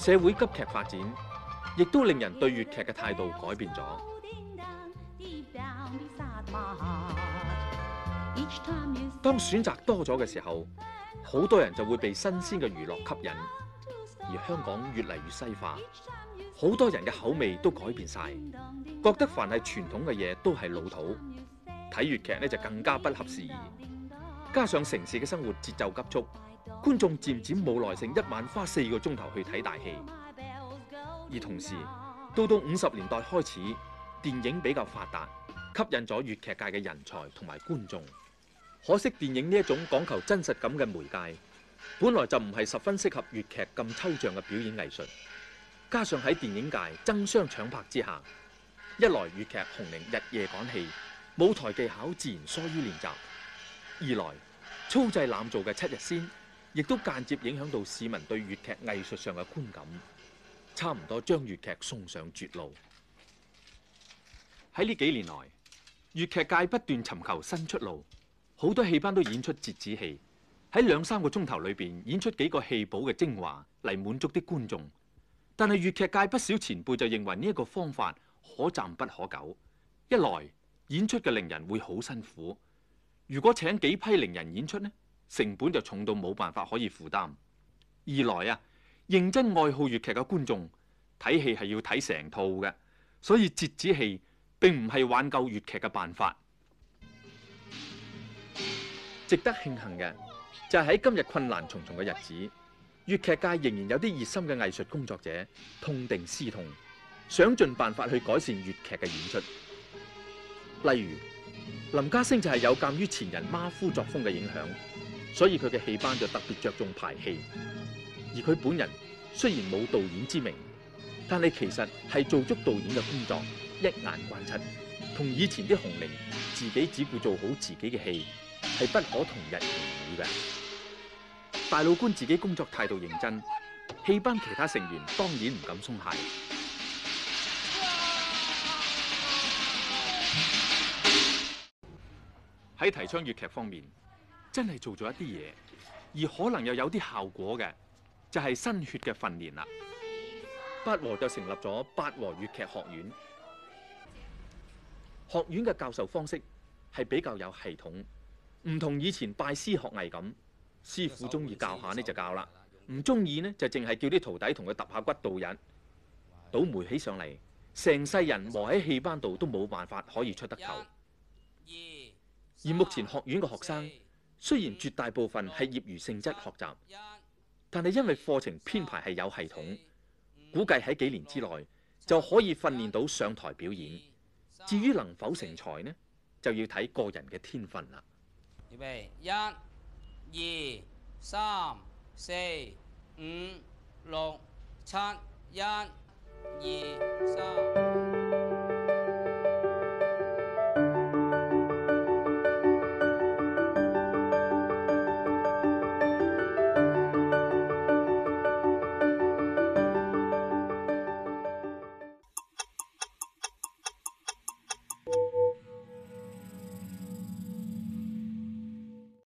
社會急劇發展，亦都令人對粵劇嘅態度改變咗。當選擇多咗嘅時候，好多人就會被新鮮嘅娛樂吸引，而香港越嚟越西化，好多人嘅口味都改變晒，覺得凡係傳統嘅嘢都係老土，睇粵劇咧就更加不合時宜。加上城市嘅生活節奏急促。觀眾漸漸冇耐性，一晚花四個鐘頭去睇大戲。而同時，到到五十年代開始，電影比較發達，吸引咗粵劇界嘅人才同埋觀眾。可惜電影呢一種講求真實感嘅媒介，本來就唔係十分適合粵劇咁抽象嘅表演藝術。加上喺電影界爭相搶拍之下，一來粵劇紅伶日夜趕戲，舞台技巧自然疏於練習；二來粗製濫造嘅七日先。亦都間接影響到市民對粵劇藝術上嘅觀感，差唔多將粵劇送上絕路。喺呢幾年來，粵劇界不斷尋求新出路，好多戲班都演出折子戲，喺兩三個鐘頭裏邊演出幾個戲寶嘅精華嚟滿足啲觀眾。但係粵劇界不少前輩就認為呢一個方法可暫不可久，一來演出嘅伶人會好辛苦，如果請幾批伶人演出呢？成本就重到冇辦法可以負擔。二來啊，認真愛好粵劇嘅觀眾睇戲係要睇成套嘅，所以折子戲並唔係挽救粵劇嘅辦法。值得慶幸嘅就係喺今日困難重重嘅日子，粵劇界仍然有啲熱心嘅藝術工作者痛定思痛，想盡辦法去改善粵劇嘅演出。例如林家聲就係有鑑於前人馬虎作風嘅影響。所以佢嘅戲班就特別着重排戲，而佢本人雖然冇導演之名，但係其實係做足導演嘅工作，一眼關七，同以前啲紅伶自己只顧做好自己嘅戲，係不可同日而語嘅。大老官自己工作態度認真，戲班其他成員當然唔敢鬆懈。喺提倡粵劇方面。真係做咗一啲嘢，而可能又有啲效果嘅，就係新血嘅訓練啦。八和就成立咗八和粵劇學院，學院嘅教授方式係比較有系統，唔同以前拜師學藝咁，師傅中意教下呢就教啦，唔中意呢就淨係叫啲徒弟同佢揼下骨度忍，倒霉起上嚟，成世人磨喺戲班度都冇辦法可以出得頭。而目前學院嘅學生。雖然絕大部分係業餘性質學習，但係因為課程編排係有系統，估計喺幾年之內就可以訓練到上台表演。至於能否成才呢，就要睇個人嘅天分啦。預備一、二、三、四、五、六、七，一、二、三。